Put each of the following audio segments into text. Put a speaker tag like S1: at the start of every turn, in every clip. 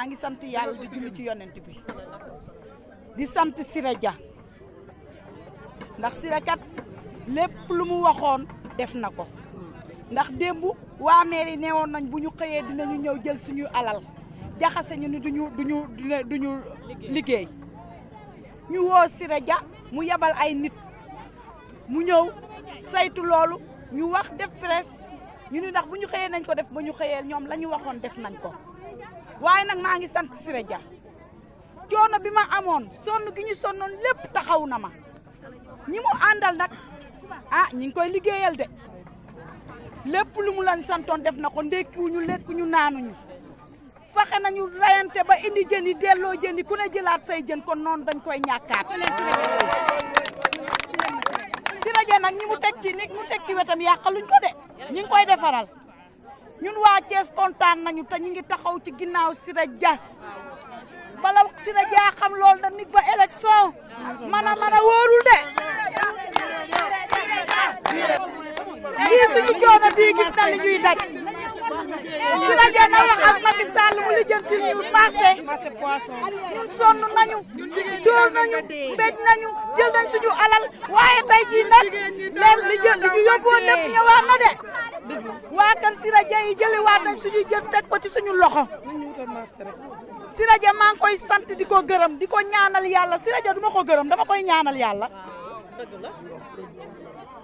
S1: maa ngi sant yàlla di julli ci yonent bi di sante sira Dia ndax sira kat lepp lu mu waxone def nako ndax dembu wa mairie newon nañ buñu ñu dinañu ñew jël suñu alal jaxase ñu ni duñu duñu duñu liggéey ñu wo sira Dia mu yabal ay nit mu ñew saytu lolu ñu wax def presse ñu ni ndax buñu ñu nañ ko def ba xeyel ñom lañu waxone def nañ ko waye nak maa sante sant Siré Dia coono amon, ma amoon sonn gi ñu sonnoon lépp taxaw na ma ñi mu ah ñi ngi koy liggéeyal de lepp lu mu lañ santone def na ko lekkuñu naanuñu faxe nañu rayante ba indi jën yi delloo ku ne jëlaat say jën kon non dañ koy ñakkat Siré Dia nag ñi mu ci nit mu tek ci wetam yàqaluñ ko de ñi ngi koy defaral ñun wa ties contane nañu te ñi ngi taxaw ci ginnaw Sira Dia bala Sira Dia xam lool da nit ba élection mana mana worul a
S2: ñi de lii suñu coono bii gis na li ñuy daj
S1: Sira Dia na wax ak Macky Sall mu li ci ñu marché ñun sonu nañu do nañu bég nañu jël nañ suñu alal waye tay ji nak lool li jël li ñu yóbboon lépp ñëwaat na de waa kan Sira ja yi jëliwaat suñuy jël teg ko ci suñu loxo. Sira Dia maa koy sant di ko gërëm di ko ñaanal yàlla Sira Dia du ko gërëm dama koy ñaanal yàlla.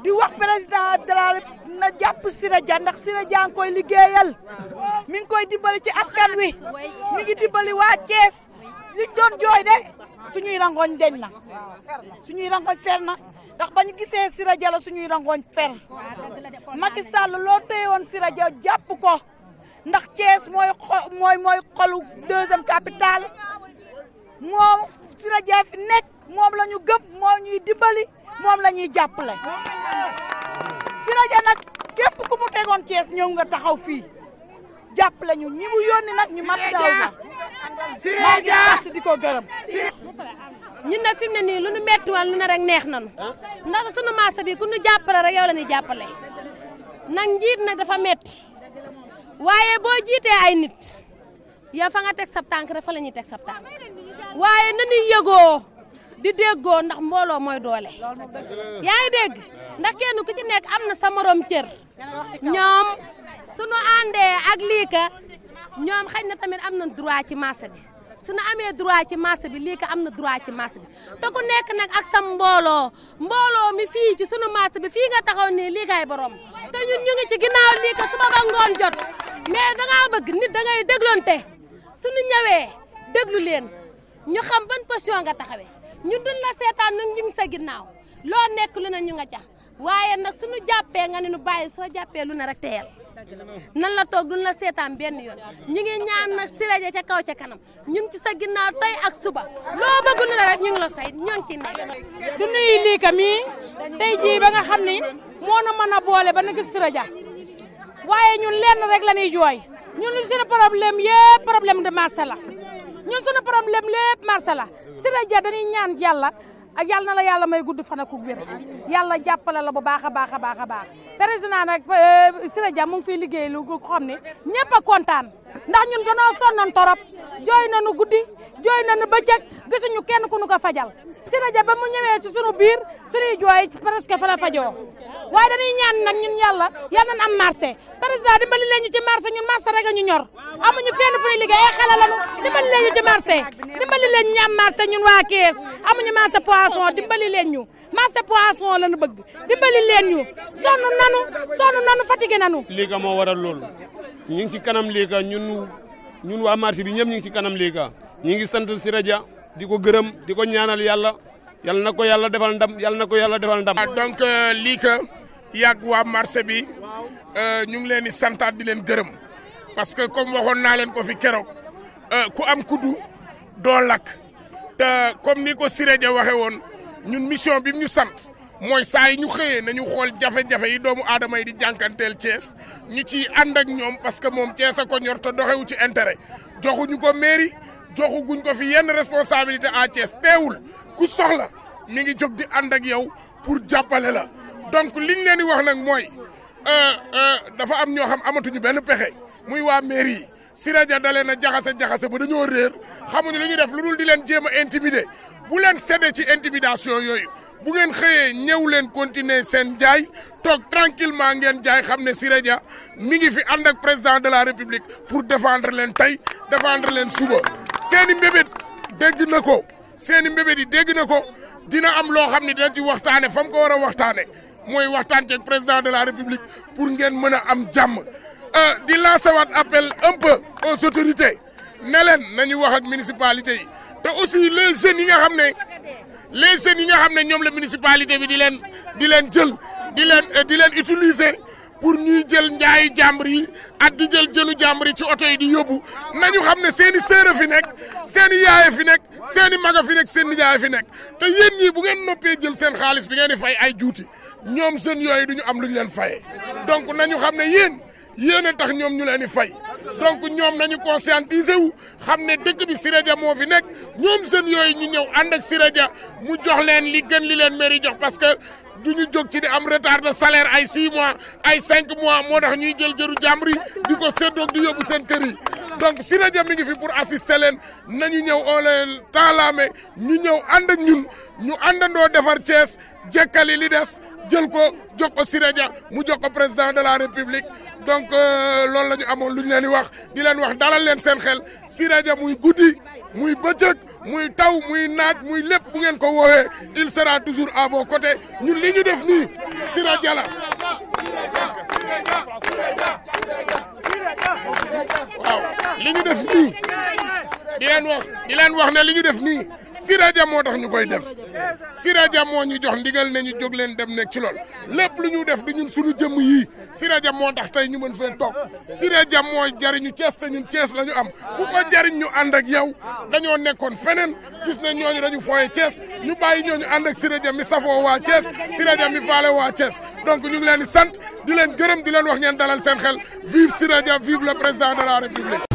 S1: di wax président de la na jàpp Sira Dia ndax Sira Dia ngi koy liggéeyal mi ngi koy dimbali ci askan wi mi ngi dimbali waa Thiès liñ doon jooy de suñuy rangoñ deñ na suñuy rangoñ fer na ndax ba ñu gisee Sira Dia la suñuy rangooñ fer Macky Sall loo téye woon Sira Dia jàpp ko ndax Thiès mooy xo mooy mooy xolu deuxième capitale moom Sira Dia fi nekk moom la gëm moo ñuy dimbali moom la ñuy jàppale Sira Dia nag képp ku mu tegoon Thiès ñëw nga taxaw fii jàppale ñu ñi mu yónni nag
S2: ñu mat daw na Sira Dia di ko gërëm ñu nag fi ne nii lu nu metti wala lu ne rek neex nanu ah. ndax sunu maasa bi ku nu jàppale rek yow la ñuy jàppale nag njiit nag dafa metti waaye boo jiitee ay nit yow fa nga teg sab tànk fa la ñuy teg sab tànk waaye nañuy yëgoo di déggoo ndax mbooloo mooy doole yaa ngi dégg ndax kenn ku ci nekk am na sa morom cër ñoom sunu àndee ak lii ka ñoom xëy na tamit am na droit ci maasa bi suñu amee droit ci marché bi lii am na droit ci marché bi te ku nekk nag ak sam mbooloo mbooloo mi fii ci sunu marché bi fii nga taxaw nii lii kay borom te ñun ñu ngi ci ginnaaw lii ko suba ba ngoon jot mais dangaa bëgg nit da ngay dégloonte suñu ñëwee déglu leen ñu xam ban position nga taxawee ñun duñ la seetaan nag ñu ngi sa ginnaaw loo nekk lu na ñu nga ca waaye nag suñu jàppee nga ne nu bàyyi soo jàppee lu na rek teyal nan la toog duñ la seetaan benn yoon ñu ngi ñaan nag Siré Dia ca kaw ca kanam ñu ci sa ak suba loo bëgg nu la rek ñu la fay ñoo ngi ciy nekk. di nuyu mii tey jii ba ni moo na mën a boole
S1: ba nag Siré Dia waaye ñun lenn rek la ñuy jooy ñun lu suñu problème yëpp problème de la ñun suñu problème lépp marché la Siré Dia dañuy ñaan a ah, yàlla na la yàlla may gudd fan ak wér yàlla jàppale la bu baax a baax a baax a baax président nag euh, Siré Dia mu ngi fiy liggéey lu ko xam ne ñëpp a kontaan ndax ñun dañu sonnon torop joy nañu guddi joy nañu bëccëg gisunu kenn ku nu ko fajal Siré Dia ba mu ñëwee ci suñu biir joy ci presque fa la fajo way dañuy ñaan nak ñun yalla yalla nañ am marché président dimbali leen ñu ci marché ñun marché rek ñu ñor amuñu fenn fu ñu liggéey ay xala lañu dimbali leen ñu ci marché dimbali leen ñu am marché ñun wa caisse amuñu marché poisson dimbali leen marché poisson lañu bëgg dimbali leen ñu nanu
S3: sonu nanu fatigué nanu lii mo waral loolu ci kanam lii ñun ñun ñun waa marché bi ñëpp ñu ngi ci kanam léegi ah. ñu ngi sant Siré Dia di ko gërëm di ko ñaanal yàlla yalla na ko yàlla defal ndam yàlla na ko yàlla defal ndam. Ah, donc euh, lii que yàgg waa marché bi euh, ñu ngi leen di santaat di leen gërëm parce que comme waxoon naa leen ko fi keroog euh, ku am kuddu do lakk te comme ni ko Siré Dia ñun mission bi mu ñu sant. mooy saa yi ñu xëyee ñu xool jafe-jafe yi doomu aadama yi di jànkanteel Thiès ñu ciy ànd ak ñoom parce que moom Thiès a ko ñor te doxewu ci intérêt joxuñu ko mairie joxu guñ ko fi yenn responsabilité à Thiès teewul ku soxla mi ngi jog di ànd ak yow pour jàppale la donc liñ leen di wax nag mooy euh, euh, dafa am ñoo xam amatuñu benn pexe muy waa mairie yi Siraja dalee na jaxase jaxase ba dañoo réer xamuñu lu ñu def lu dul di leen jéem a intimider bu leen sedde ci intimidation yooyu. bu ngeen xëyee ñëw leen continuer seen jaay toog tranquillement ngeen jaay xam ne Siré Dia mi ngi fi ànd ak président de la république pour défendre leen tey défendre leen suba seeni mbébét dégg na ko i mbébét yi dégg na ko dina am loo xam ne dina ci waxtaane fa mu ko war a waxtaane mooy waxtaan ceeg président de la république pour ngeen mën a am jàmm euh, di lancer sawat appel un peu aux autorités ne leen nañu wax ak municipalité yi te aussi les jeunes yi nga xam ne les jeunes yi nga xam ne ñoom la municipalité bi di leen di leen jël di leen di leen utiliser pour ñuy jël njaayu jàmbur yi ak di jël jëlu jàmbur yi ci oto yi di yóbbu nañu xam ne seen i sœur a fi nekk seen i yaay fi nekk seen i fi nekk seen nijaay fi nekk te yéen ñii bu ngeen noppee jël seen xaalis bi ngeen di fay ay juuti ñoom seen yooyu du ñu am lu ñu leen fayee donc nañu xam ne yéen yéen a tax ñoom ñu leen di fay donc ñoom nañu conscientiser wu xam ne dëkk bi Siré Dia moo fi nekk ñoom jeunes yooyu ñu ñëw ànd ak Siré Dia mu jox leen li gën li leen mairie jox parce que du ñu jog ci di am retard de salaire ay 6 mois ay 5 mois moo tax ñuy jël jëru jàmbur yi di ko séddoog di yóbbu seen kër yi donc Siré Dia mi ngi fi pour assister leen nañu ñëw on le temps ñu ñëw ànd ak ñun ñu àndandoo defar Thiès jekkali li des. jël ko jox ko président de la république donc euh, loolu la ñu amoon lu wax di leen wax dalal leen seen xel muy guddi muy bëccëg muy taw muy il sera toujours à vos côtés ñun li devenu, def la waaw li ñu def nii di wax di Sira Dia moo tax ñu koy def Sira Dia moo ñu jox ndigal ne ñu jóg leen dem nekk ci lool lépp lu ñu def du ñun suñu jëmm yi Sira Dia moo tax tey ñu mën fee toog Sira Dia mooy ñu Cees te ñun Cees la ñu am ku ko jariñ ñu ànd ak yow dañoo nekkoon feneen gis ne ñooñu dañu fooye Cees ñu bàyyi ñooñu ànd ak Sira Dia mi safoo waa Cees Sira Dia mi faale waa Cees donc ñu ngi leen di sant di leen gërëm di leen wax ngeen dalal seen xel vive Sira Dia vive le président de la République